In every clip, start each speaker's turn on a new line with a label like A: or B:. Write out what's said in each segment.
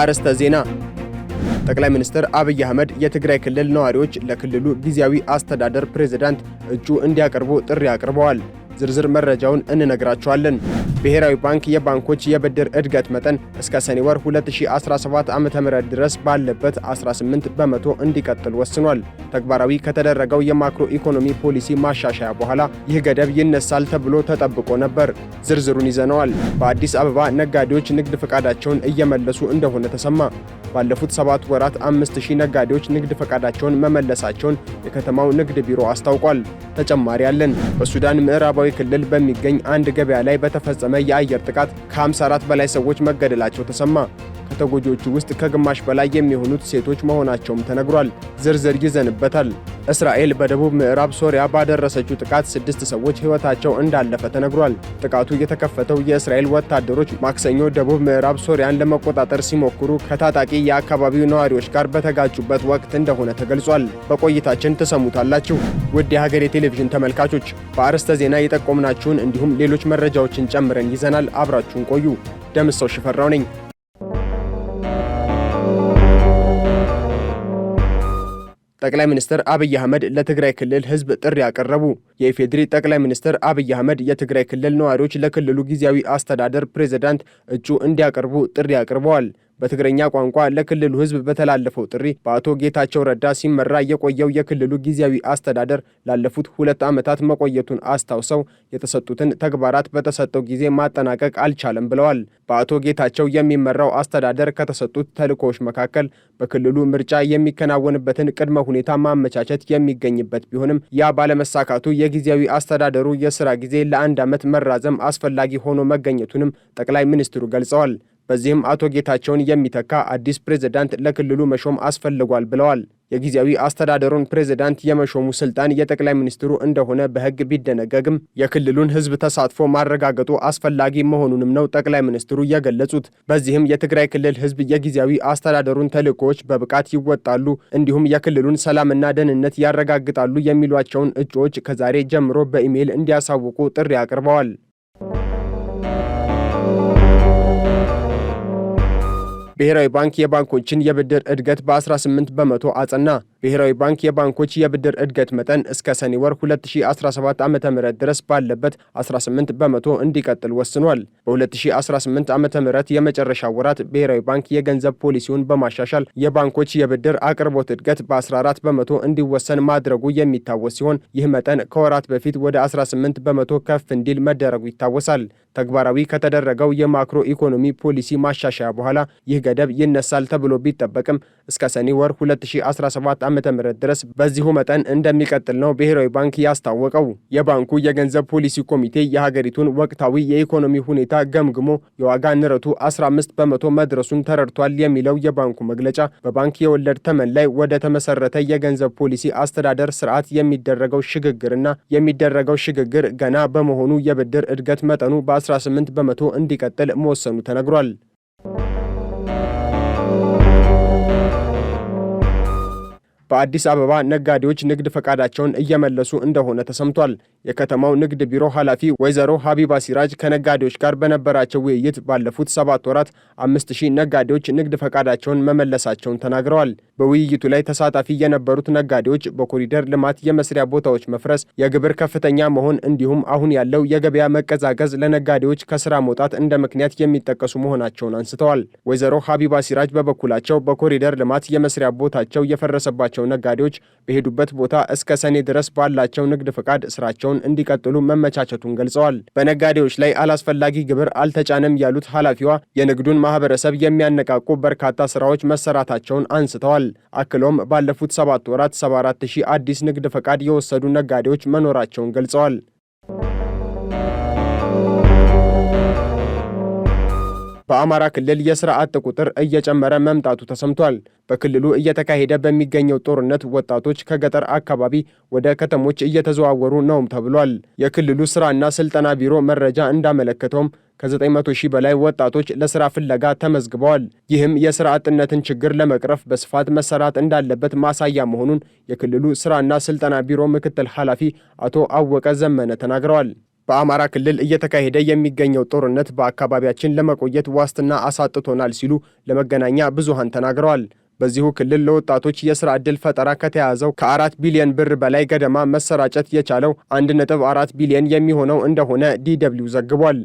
A: አርዕስተ ዜና ጠቅላይ ሚኒስትር አብይ አህመድ የትግራይ ክልል ነዋሪዎች ለክልሉ ጊዜያዊ አስተዳደር ፕሬዝዳንት እጩ እንዲያቀርቡ ጥሪ አቅርበዋል። ዝርዝር መረጃውን እንነግራችኋለን። ብሔራዊ ባንክ የባንኮች የብድር እድገት መጠን እስከ ሰኔ ወር 2017 ዓ.ም ድረስ ባለበት 18 በመቶ እንዲቀጥል ወስኗል። ተግባራዊ ከተደረገው የማክሮ ኢኮኖሚ ፖሊሲ ማሻሻያ በኋላ ይህ ገደብ ይነሳል ተብሎ ተጠብቆ ነበር። ዝርዝሩን ይዘነዋል። በአዲስ አበባ ነጋዴዎች ንግድ ፈቃዳቸውን እየመለሱ እንደሆነ ተሰማ። ባለፉት ሰባት ወራት 5000 ነጋዴዎች ንግድ ፈቃዳቸውን መመለሳቸውን የከተማው ንግድ ቢሮ አስታውቋል። ተጨማሪ አለን። በሱዳን ምዕራባዊ በማዕከላዊ ክልል በሚገኝ አንድ ገበያ ላይ በተፈጸመ የአየር ጥቃት ከ54 በላይ ሰዎች መገደላቸው ተሰማ። ከተጎጂዎቹ ውስጥ ከግማሽ በላይ የሚሆኑት ሴቶች መሆናቸውም ተነግሯል። ዝርዝር ይዘንበታል። እስራኤል በደቡብ ምዕራብ ሶሪያ ባደረሰችው ጥቃት ስድስት ሰዎች ሕይወታቸው እንዳለፈ ተነግሯል። ጥቃቱ የተከፈተው የእስራኤል ወታደሮች ማክሰኞ ደቡብ ምዕራብ ሶሪያን ለመቆጣጠር ሲሞክሩ ከታጣቂ የአካባቢው ነዋሪዎች ጋር በተጋጩበት ወቅት እንደሆነ ተገልጿል። በቆይታችን ትሰሙታላችሁ። ውድ የሀገሬ ቴሌቪዥን ተመልካቾች በአርዕስተ ዜና የጠቆምናችሁን እንዲሁም ሌሎች መረጃዎችን ጨምረን ይዘናል። አብራችሁን ቆዩ። ደምሰው ሽፈራው ነኝ። ጠቅላይ ሚኒስትር አብይ አህመድ ለትግራይ ክልል ህዝብ ጥሪ ያቀረቡ። የኢፌዴሪ ጠቅላይ ሚኒስትር አብይ አህመድ የትግራይ ክልል ነዋሪዎች ለክልሉ ጊዜያዊ አስተዳደር ፕሬዝዳንት እጩ እንዲያቀርቡ ጥሪ አቅርበዋል። በትግረኛ ቋንቋ ለክልሉ ሕዝብ በተላለፈው ጥሪ በአቶ ጌታቸው ረዳ ሲመራ የቆየው የክልሉ ጊዜያዊ አስተዳደር ላለፉት ሁለት ዓመታት መቆየቱን አስታውሰው የተሰጡትን ተግባራት በተሰጠው ጊዜ ማጠናቀቅ አልቻለም ብለዋል። በአቶ ጌታቸው የሚመራው አስተዳደር ከተሰጡት ተልእኮዎች መካከል በክልሉ ምርጫ የሚከናወንበትን ቅድመ ሁኔታ ማመቻቸት የሚገኝበት ቢሆንም ያ ባለመሳካቱ የጊዜያዊ አስተዳደሩ የስራ ጊዜ ለአንድ ዓመት መራዘም አስፈላጊ ሆኖ መገኘቱንም ጠቅላይ ሚኒስትሩ ገልጸዋል። በዚህም አቶ ጌታቸውን የሚተካ አዲስ ፕሬዝዳንት ለክልሉ መሾም አስፈልጓል ብለዋል። የጊዜያዊ አስተዳደሩን ፕሬዝዳንት የመሾሙ ስልጣን የጠቅላይ ሚኒስትሩ እንደሆነ በሕግ ቢደነገግም የክልሉን ሕዝብ ተሳትፎ ማረጋገጡ አስፈላጊ መሆኑንም ነው ጠቅላይ ሚኒስትሩ የገለጹት። በዚህም የትግራይ ክልል ሕዝብ የጊዜያዊ አስተዳደሩን ተልዕኮዎች በብቃት ይወጣሉ፣ እንዲሁም የክልሉን ሰላምና ደህንነት ያረጋግጣሉ የሚሏቸውን እጩዎች ከዛሬ ጀምሮ በኢሜይል እንዲያሳውቁ ጥሪ አቅርበዋል። ብሔራዊ ባንክ የባንኮችን የብድር እድገት በ18 በመቶ አጸና። ብሔራዊ ባንክ የባንኮች የብድር እድገት መጠን እስከ ሰኔ ወር 2017 ዓ ም ድረስ ባለበት 18 በመቶ እንዲቀጥል ወስኗል። በ2018 ዓ ም የመጨረሻ ወራት ብሔራዊ ባንክ የገንዘብ ፖሊሲውን በማሻሻል የባንኮች የብድር አቅርቦት እድገት በ14 በመቶ እንዲወሰን ማድረጉ የሚታወስ ሲሆን ይህ መጠን ከወራት በፊት ወደ 18 በመቶ ከፍ እንዲል መደረጉ ይታወሳል። ተግባራዊ ከተደረገው የማክሮ ኢኮኖሚ ፖሊሲ ማሻሻያ በኋላ ይህ ገደብ ይነሳል ተብሎ ቢጠበቅም እስከ ሰኔ ወር 2017 ዓ ዓ.ም ድረስ በዚሁ መጠን እንደሚቀጥል ነው ብሔራዊ ባንክ ያስታወቀው። የባንኩ የገንዘብ ፖሊሲ ኮሚቴ የሀገሪቱን ወቅታዊ የኢኮኖሚ ሁኔታ ገምግሞ የዋጋ ንረቱ 15 በመቶ መድረሱን ተረድቷል የሚለው የባንኩ መግለጫ በባንክ የወለድ ተመን ላይ ወደ ተመሰረተ የገንዘብ ፖሊሲ አስተዳደር ስርዓት የሚደረገው ሽግግርና የሚደረገው ሽግግር ገና በመሆኑ የብድር እድገት መጠኑ በ18 በመቶ እንዲቀጥል መወሰኑ ተነግሯል። በአዲስ አበባ ነጋዴዎች ንግድ ፈቃዳቸውን እየመለሱ እንደሆነ ተሰምቷል። የከተማው ንግድ ቢሮ ኃላፊ ወይዘሮ ሀቢባ ሲራጅ ከነጋዴዎች ጋር በነበራቸው ውይይት ባለፉት ሰባት ወራት አምስት ሺህ ነጋዴዎች ንግድ ፈቃዳቸውን መመለሳቸውን ተናግረዋል። በውይይቱ ላይ ተሳታፊ የነበሩት ነጋዴዎች በኮሪደር ልማት የመስሪያ ቦታዎች መፍረስ፣ የግብር ከፍተኛ መሆን እንዲሁም አሁን ያለው የገበያ መቀዛቀዝ ለነጋዴዎች ከስራ መውጣት እንደ ምክንያት የሚጠቀሱ መሆናቸውን አንስተዋል። ወይዘሮ ሀቢባ ሲራጅ በበኩላቸው በኮሪደር ልማት የመስሪያ ቦታቸው የፈረሰባቸው ነጋዴዎች በሄዱበት ቦታ እስከ ሰኔ ድረስ ባላቸው ንግድ ፈቃድ ስራቸውን እንዲቀጥሉ መመቻቸቱን ገልጸዋል። በነጋዴዎች ላይ አላስፈላጊ ግብር አልተጫነም ያሉት ኃላፊዋ የንግዱን ማህበረሰብ የሚያነቃቁ በርካታ ስራዎች መሰራታቸውን አንስተዋል። አክሎም ባለፉት ሰባት ወራት 74 ሺህ አዲስ ንግድ ፈቃድ የወሰዱ ነጋዴዎች መኖራቸውን ገልጸዋል። በአማራ ክልል የስራ አጥ ቁጥር እየጨመረ መምጣቱ ተሰምቷል። በክልሉ እየተካሄደ በሚገኘው ጦርነት ወጣቶች ከገጠር አካባቢ ወደ ከተሞች እየተዘዋወሩ ነውም ተብሏል። የክልሉ ስራና ስልጠና ቢሮ መረጃ እንዳመለከተውም ከ900 ሺህ በላይ ወጣቶች ለስራ ፍለጋ ተመዝግበዋል። ይህም የስራ አጥነትን ችግር ለመቅረፍ በስፋት መሰራት እንዳለበት ማሳያ መሆኑን የክልሉ ስራና ስልጠና ቢሮ ምክትል ኃላፊ አቶ አወቀ ዘመነ ተናግረዋል። በአማራ ክልል እየተካሄደ የሚገኘው ጦርነት በአካባቢያችን ለመቆየት ዋስትና አሳጥቶናል ሲሉ ለመገናኛ ብዙሃን ተናግረዋል። በዚሁ ክልል ለወጣቶች የሥራ ዕድል ፈጠራ ከተያዘው ከአራት ቢሊዮን ብር በላይ ገደማ መሰራጨት የቻለው አንድ ነጥብ አራት ቢሊዮን የሚሆነው እንደሆነ ዲ ዘግቧል።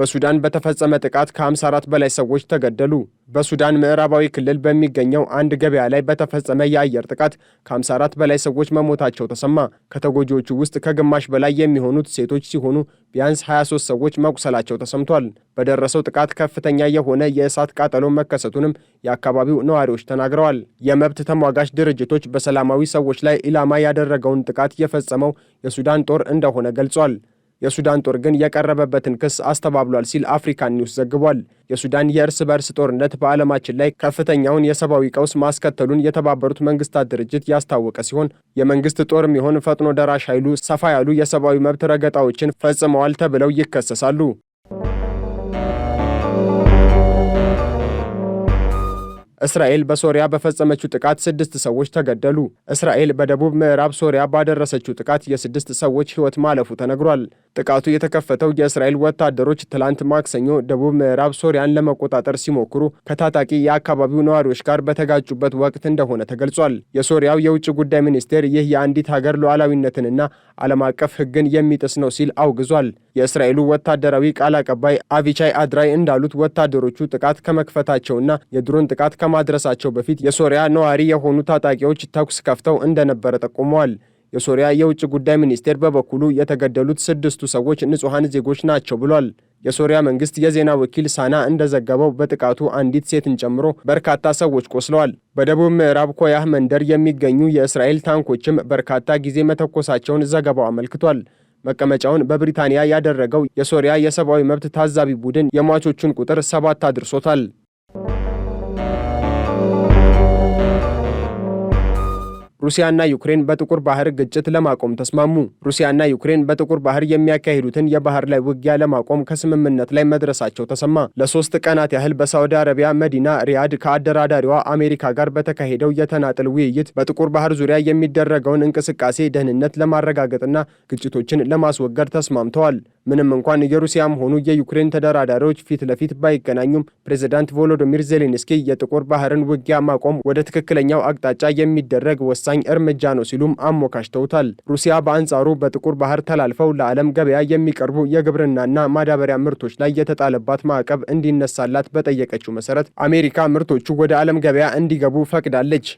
A: በሱዳን በተፈጸመ ጥቃት ከ54 በላይ ሰዎች ተገደሉ። በሱዳን ምዕራባዊ ክልል በሚገኘው አንድ ገበያ ላይ በተፈጸመ የአየር ጥቃት ከ54 በላይ ሰዎች መሞታቸው ተሰማ። ከተጎጂዎቹ ውስጥ ከግማሽ በላይ የሚሆኑት ሴቶች ሲሆኑ ቢያንስ 23 ሰዎች መቁሰላቸው ተሰምቷል። በደረሰው ጥቃት ከፍተኛ የሆነ የእሳት ቃጠሎ መከሰቱንም የአካባቢው ነዋሪዎች ተናግረዋል። የመብት ተሟጋች ድርጅቶች በሰላማዊ ሰዎች ላይ ኢላማ ያደረገውን ጥቃት የፈጸመው የሱዳን ጦር እንደሆነ ገልጿል። የሱዳን ጦር ግን የቀረበበትን ክስ አስተባብሏል ሲል አፍሪካን ኒውስ ዘግቧል። የሱዳን የእርስ በእርስ ጦርነት በዓለማችን ላይ ከፍተኛውን የሰብአዊ ቀውስ ማስከተሉን የተባበሩት መንግስታት ድርጅት ያስታወቀ ሲሆን የመንግስት ጦርም ይሆን ፈጥኖ ደራሽ ኃይሉ ሰፋ ያሉ የሰብአዊ መብት ረገጣዎችን ፈጽመዋል ተብለው ይከሰሳሉ። እስራኤል በሶሪያ በፈጸመችው ጥቃት ስድስት ሰዎች ተገደሉ። እስራኤል በደቡብ ምዕራብ ሶሪያ ባደረሰችው ጥቃት የስድስት ሰዎች ሕይወት ማለፉ ተነግሯል። ጥቃቱ የተከፈተው የእስራኤል ወታደሮች ትላንት ማክሰኞ ደቡብ ምዕራብ ሶሪያን ለመቆጣጠር ሲሞክሩ ከታጣቂ የአካባቢው ነዋሪዎች ጋር በተጋጩበት ወቅት እንደሆነ ተገልጿል። የሶሪያው የውጭ ጉዳይ ሚኒስቴር ይህ የአንዲት ሀገር ሉዓላዊነትንና ዓለም አቀፍ ሕግን የሚጥስ ነው ሲል አውግዟል። የእስራኤሉ ወታደራዊ ቃል አቀባይ አቪቻይ አድራይ እንዳሉት ወታደሮቹ ጥቃት ከመክፈታቸውና የድሮን ጥቃት ከማድረሳቸው በፊት የሶሪያ ነዋሪ የሆኑ ታጣቂዎች ተኩስ ከፍተው እንደነበረ ጠቁመዋል። የሶሪያ የውጭ ጉዳይ ሚኒስቴር በበኩሉ የተገደሉት ስድስቱ ሰዎች ንጹሐን ዜጎች ናቸው ብሏል። የሶሪያ መንግስት የዜና ወኪል ሳና እንደዘገበው በጥቃቱ አንዲት ሴትን ጨምሮ በርካታ ሰዎች ቆስለዋል። በደቡብ ምዕራብ ኮያህ መንደር የሚገኙ የእስራኤል ታንኮችም በርካታ ጊዜ መተኮሳቸውን ዘገባው አመልክቷል። መቀመጫውን በብሪታንያ ያደረገው የሶሪያ የሰብአዊ መብት ታዛቢ ቡድን የሟቾቹን ቁጥር ሰባት አድርሶታል። ሩሲያና ዩክሬን በጥቁር ባህር ግጭት ለማቆም ተስማሙ። ሩሲያና ዩክሬን በጥቁር ባህር የሚያካሂዱትን የባህር ላይ ውጊያ ለማቆም ከስምምነት ላይ መድረሳቸው ተሰማ። ለሶስት ቀናት ያህል በሳዑዲ አረቢያ መዲና ሪያድ ከአደራዳሪዋ አሜሪካ ጋር በተካሄደው የተናጥል ውይይት በጥቁር ባህር ዙሪያ የሚደረገውን እንቅስቃሴ ደህንነት ለማረጋገጥና ግጭቶችን ለማስወገድ ተስማምተዋል። ምንም እንኳን የሩሲያም ሆኑ የዩክሬን ተደራዳሪዎች ፊት ለፊት ባይገናኙም ፕሬዚዳንት ቮሎዶሚር ዜሌንስኪ የጥቁር ባህርን ውጊያ ማቆም ወደ ትክክለኛው አቅጣጫ የሚደረግ ወሳ ወሳኝ እርምጃ ነው ሲሉም አሞካሽተውታል። ሩሲያ በአንጻሩ በጥቁር ባህር ተላልፈው ለዓለም ገበያ የሚቀርቡ የግብርናና ማዳበሪያ ምርቶች ላይ የተጣለባት ማዕቀብ እንዲነሳላት በጠየቀችው መሰረት አሜሪካ ምርቶቹ ወደ ዓለም ገበያ እንዲገቡ ፈቅዳለች።